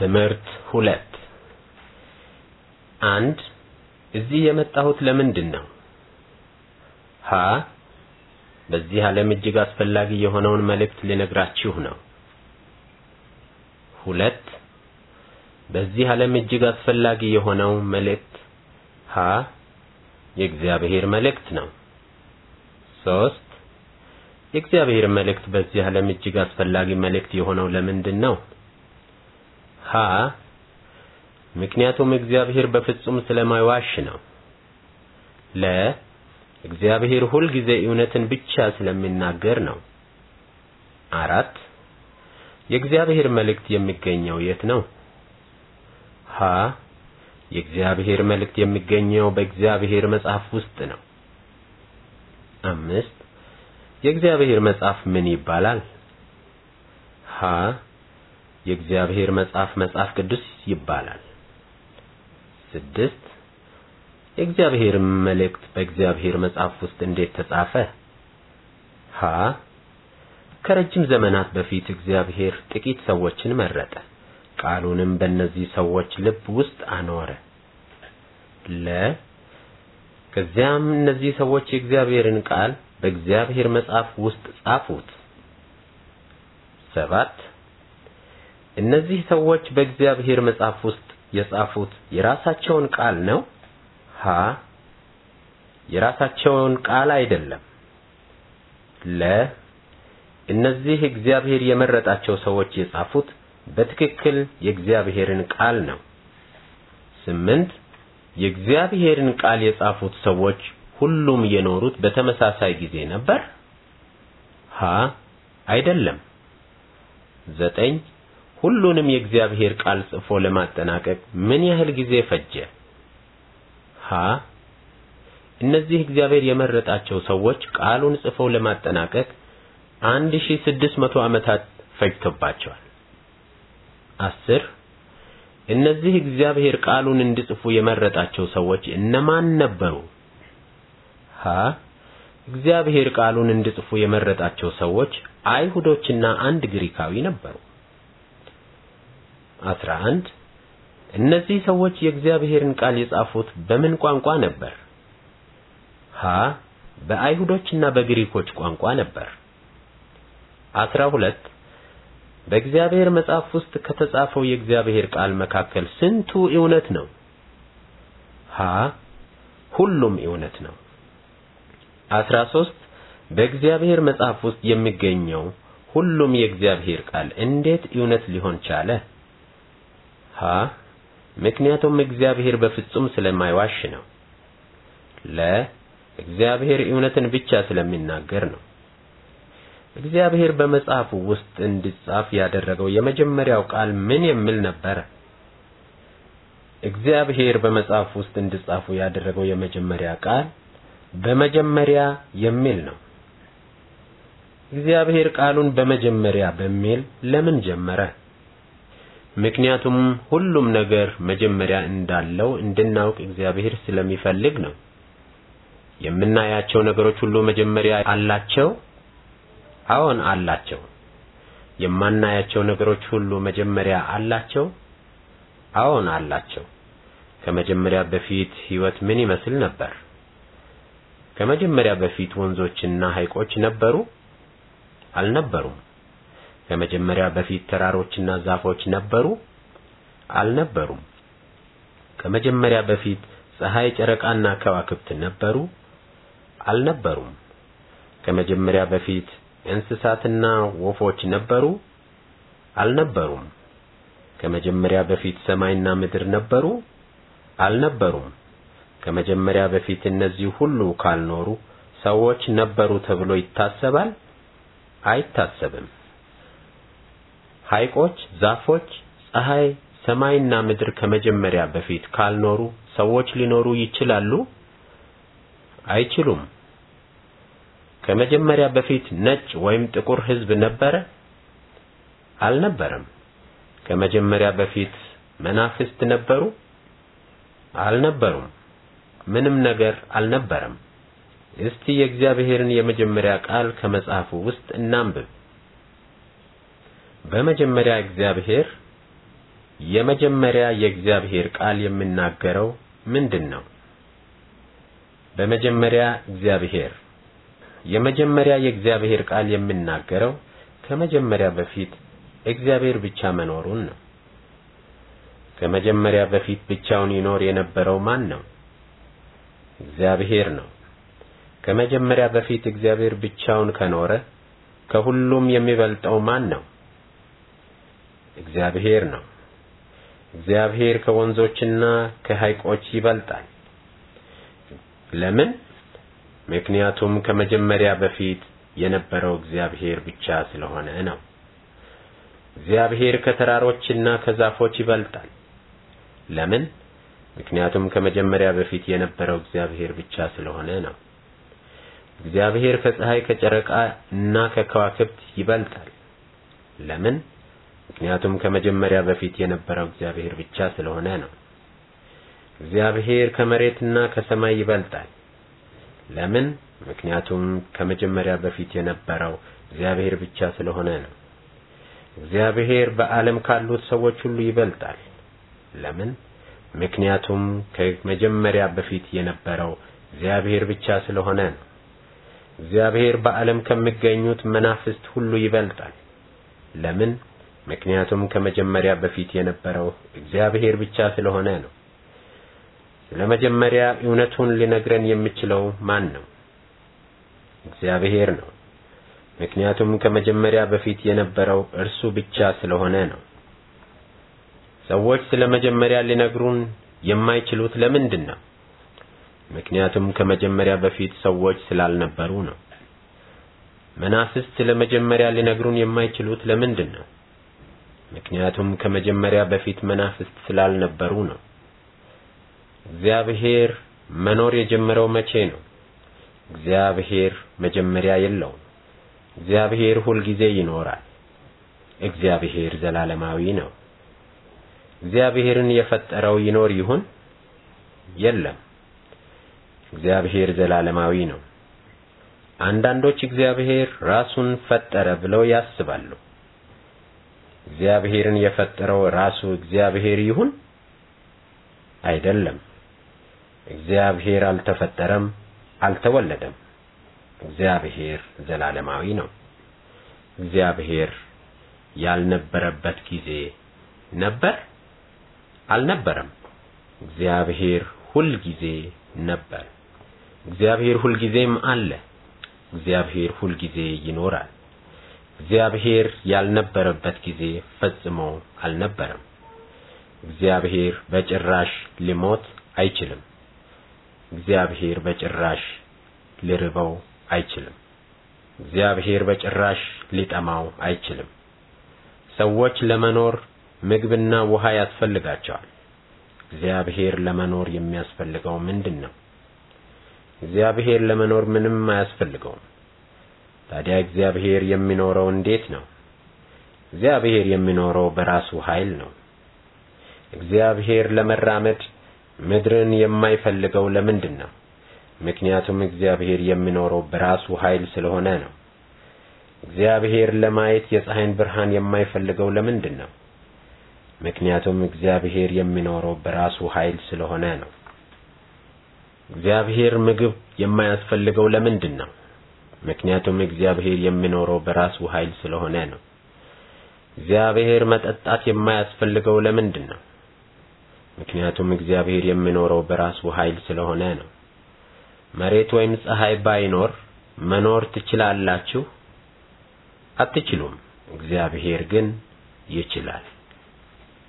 ትምህርት ሁለት አንድ እዚህ የመጣሁት ለምንድን ነው? ሀ በዚህ ዓለም እጅግ አስፈላጊ የሆነውን መልእክት ልነግራችሁ ነው። ሁለት በዚህ ዓለም እጅግ አስፈላጊ የሆነው መልእክት ሀ የእግዚአብሔር መልእክት ነው። ሶስት የእግዚአብሔር መልእክት በዚህ ዓለም እጅግ አስፈላጊ መልእክት የሆነው ለምንድን ነው? ሀ ምክንያቱም እግዚአብሔር በፍጹም ስለማይዋሽ ነው። ለ እግዚአብሔር ጊዜ እውነትን ብቻ ስለሚናገር ነው። አራት የእግዚአብሔር መልእክት የሚገኘው የት ነው? ሀ የእግዚአብሔር መልእክት የሚገኘው በእግዚአብሔር መጽሐፍ ውስጥ ነው። አምስት የእግዚአብሔር መጽሐፍ ምን ይባላል? ሀ የእግዚአብሔር መጽሐፍ መጽሐፍ ቅዱስ ይባላል። ስድስት የእግዚአብሔር መልእክት በእግዚአብሔር መጽሐፍ ውስጥ እንዴት ተጻፈ? ሀ ከረጅም ዘመናት በፊት እግዚአብሔር ጥቂት ሰዎችን መረጠ፣ ቃሉንም በእነዚህ ሰዎች ልብ ውስጥ አኖረ። ለ ከዚያም እነዚህ ሰዎች የእግዚአብሔርን ቃል በእግዚአብሔር መጽሐፍ ውስጥ ጻፉት። ሰባት እነዚህ ሰዎች በእግዚአብሔር መጽሐፍ ውስጥ የጻፉት የራሳቸውን ቃል ነው? ሀ የራሳቸውን ቃል አይደለም። ለ እነዚህ እግዚአብሔር የመረጣቸው ሰዎች የጻፉት በትክክል የእግዚአብሔርን ቃል ነው። ስምንት የእግዚአብሔርን ቃል የጻፉት ሰዎች ሁሉም የኖሩት በተመሳሳይ ጊዜ ነበር? ሀ አይደለም። ዘጠኝ ሁሉንም የእግዚአብሔር ቃል ጽፎ ለማጠናቀቅ ምን ያህል ጊዜ ፈጀ? ሀ እነዚህ እግዚአብሔር የመረጣቸው ሰዎች ቃሉን ጽፈው ለማጠናቀቅ 1600 ዓመታት ፈጅቶባቸዋል። አስር እነዚህ እግዚአብሔር ቃሉን እንዲጽፉ የመረጣቸው ሰዎች እነማን ነበሩ? ሀ እግዚአብሔር ቃሉን እንዲጽፉ የመረጣቸው ሰዎች አይሁዶችና አንድ ግሪካዊ ነበሩ። 11 እነዚህ ሰዎች የእግዚአብሔርን ቃል የጻፉት በምን ቋንቋ ነበር? ሀ በአይሁዶችና በግሪኮች ቋንቋ ነበር። 12 በእግዚአብሔር መጽሐፍ ውስጥ ከተጻፈው የእግዚአብሔር ቃል መካከል ስንቱ እውነት ነው? ሀ ሁሉም እውነት ነው። 13 በእግዚአብሔር መጽሐፍ ውስጥ የሚገኘው ሁሉም የእግዚአብሔር ቃል እንዴት እውነት ሊሆን ቻለ? ሀ ምክንያቱም እግዚአብሔር በፍጹም ስለማይዋሽ ነው። ለ እግዚአብሔር እውነትን ብቻ ስለሚናገር ነው። እግዚአብሔር በመጽሐፉ ውስጥ እንዲጻፍ ያደረገው የመጀመሪያው ቃል ምን የሚል ነበር? እግዚአብሔር በመጽሐፍ ውስጥ እንዲጻፉ ያደረገው የመጀመሪያ ቃል በመጀመሪያ የሚል ነው። እግዚአብሔር ቃሉን በመጀመሪያ በሚል ለምን ጀመረ? ምክንያቱም ሁሉም ነገር መጀመሪያ እንዳለው እንድናውቅ እግዚአብሔር ስለሚፈልግ ነው። የምናያቸው ነገሮች ሁሉ መጀመሪያ አላቸው? አዎን አላቸው። የማናያቸው ነገሮች ሁሉ መጀመሪያ አላቸው? አዎን አላቸው። ከመጀመሪያ በፊት ሕይወት ምን ይመስል ነበር? ከመጀመሪያ በፊት ወንዞችና ሐይቆች ነበሩ? አልነበሩም። ከመጀመሪያ በፊት ተራሮችና ዛፎች ነበሩ? አልነበሩም። ከመጀመሪያ በፊት ፀሐይ፣ ጨረቃና ከዋክብት ነበሩ? አልነበሩም። ከመጀመሪያ በፊት እንስሳትና ወፎች ነበሩ? አልነበሩም። ከመጀመሪያ በፊት ሰማይና ምድር ነበሩ? አልነበሩም። ከመጀመሪያ በፊት እነዚህ ሁሉ ካልኖሩ ሰዎች ነበሩ ተብሎ ይታሰባል? አይታሰብም። ሐይቆች፣ ዛፎች፣ ፀሐይ፣ ሰማይና ምድር ከመጀመሪያ በፊት ካልኖሩ ሰዎች ሊኖሩ ይችላሉ? አይችሉም። ከመጀመሪያ በፊት ነጭ ወይም ጥቁር ሕዝብ ነበረ? አልነበረም። ከመጀመሪያ በፊት መናፍስት ነበሩ? አልነበሩም። ምንም ነገር አልነበረም። እስቲ የእግዚአብሔርን የመጀመሪያ ቃል ከመጽሐፉ ውስጥ እናንብብ። በመጀመሪያ እግዚአብሔር የመጀመሪያ የእግዚአብሔር ቃል የምናገረው ምንድን ነው? በመጀመሪያ እግዚአብሔር የመጀመሪያ የእግዚአብሔር ቃል የምናገረው ከመጀመሪያ በፊት እግዚአብሔር ብቻ መኖሩን ነው። ከመጀመሪያ በፊት ብቻውን ይኖር የነበረው ማን ነው? እግዚአብሔር ነው። ከመጀመሪያ በፊት እግዚአብሔር ብቻውን ከኖረ ከሁሉም የሚበልጠው ማን ነው? እግዚአብሔር ነው። እግዚአብሔር ከወንዞችና ከሐይቆች ይበልጣል። ለምን? ምክንያቱም ከመጀመሪያ በፊት የነበረው እግዚአብሔር ብቻ ስለሆነ ነው። እግዚአብሔር ከተራሮችና ከዛፎች ይበልጣል። ለምን? ምክንያቱም ከመጀመሪያ በፊት የነበረው እግዚአብሔር ብቻ ስለሆነ ነው። እግዚአብሔር ከፀሐይ ከጨረቃ እና ከከዋክብት ይበልጣል። ለምን? ምክንያቱም ከመጀመሪያ በፊት የነበረው እግዚአብሔር ብቻ ስለሆነ ነው። እግዚአብሔር ከመሬትና ከሰማይ ይበልጣል። ለምን? ምክንያቱም ከመጀመሪያ በፊት የነበረው እግዚአብሔር ብቻ ስለሆነ ነው። እግዚአብሔር በዓለም ካሉት ሰዎች ሁሉ ይበልጣል። ለምን? ምክንያቱም ከመጀመሪያ በፊት የነበረው እግዚአብሔር ብቻ ስለሆነ ነው። እግዚአብሔር በዓለም ከሚገኙት መናፍስት ሁሉ ይበልጣል። ለምን? ምክንያቱም ከመጀመሪያ በፊት የነበረው እግዚአብሔር ብቻ ስለሆነ ነው። ለመጀመሪያ እውነቱን ሊነግረን የሚችለው ማን ነው? እግዚአብሔር ነው። ምክንያቱም ከመጀመሪያ በፊት የነበረው እርሱ ብቻ ስለሆነ ነው። ሰዎች ስለ መጀመሪያ ሊነግሩን የማይችሉት ለምንድን ነው? ምክንያቱም ከመጀመሪያ በፊት ሰዎች ስላልነበሩ ነው። መናፍስት ስለ መጀመሪያ ሊነግሩን የማይችሉት ለምንድን ነው? ምክንያቱም ከመጀመሪያ በፊት መናፍስት ስላልነበሩ ነው። እግዚአብሔር መኖር የጀመረው መቼ ነው? እግዚአብሔር መጀመሪያ የለውም። እግዚአብሔር ሁልጊዜ ይኖራል። እግዚአብሔር ዘላለማዊ ነው። እግዚአብሔርን የፈጠረው ይኖር ይሁን የለም። እግዚአብሔር ዘላለማዊ ነው። አንዳንዶች እግዚአብሔር ራሱን ፈጠረ ብለው ያስባሉ። እግዚአብሔርን የፈጠረው ራሱ እግዚአብሔር ይሁን? አይደለም። እግዚአብሔር አልተፈጠረም፣ አልተወለደም። እግዚአብሔር ዘላለማዊ ነው። እግዚአብሔር ያልነበረበት ጊዜ ነበር? አልነበረም። እግዚአብሔር ሁል ጊዜ ነበር። እግዚአብሔር ጊዜም አለ። እግዚአብሔር ጊዜ ይኖራል። እግዚአብሔር ያልነበረበት ጊዜ ፈጽሞ አልነበረም። እግዚአብሔር በጭራሽ ሊሞት አይችልም። እግዚአብሔር በጭራሽ ሊርበው አይችልም። እግዚአብሔር በጭራሽ ሊጠማው አይችልም። ሰዎች ለመኖር ምግብና ውሃ ያስፈልጋቸዋል። እግዚአብሔር ለመኖር የሚያስፈልገው ምንድን ነው? እግዚአብሔር ለመኖር ምንም አያስፈልገውም። ታዲያ እግዚአብሔር የሚኖረው እንዴት ነው? እግዚአብሔር የሚኖረው በራሱ ኃይል ነው። እግዚአብሔር ለመራመድ ምድርን የማይፈልገው ለምንድን ነው? ምክንያቱም እግዚአብሔር የሚኖረው በራሱ ኃይል ስለሆነ ነው። እግዚአብሔር ለማየት የፀሐይን ብርሃን የማይፈልገው ለምንድን ነው? ምክንያቱም እግዚአብሔር የሚኖረው በራሱ ኃይል ስለሆነ ነው። እግዚአብሔር ምግብ የማያስፈልገው ለምንድን ነው? ምክንያቱም እግዚአብሔር የሚኖረው በራሱ ኃይል ስለሆነ ነው። እግዚአብሔር መጠጣት የማያስፈልገው ለምንድን ነው? ምክንያቱም እግዚአብሔር የሚኖረው በራሱ ኃይል ስለሆነ ነው። መሬት ወይም ፀሐይ ባይኖር መኖር ትችላላችሁ? አትችሉም። እግዚአብሔር ግን ይችላል።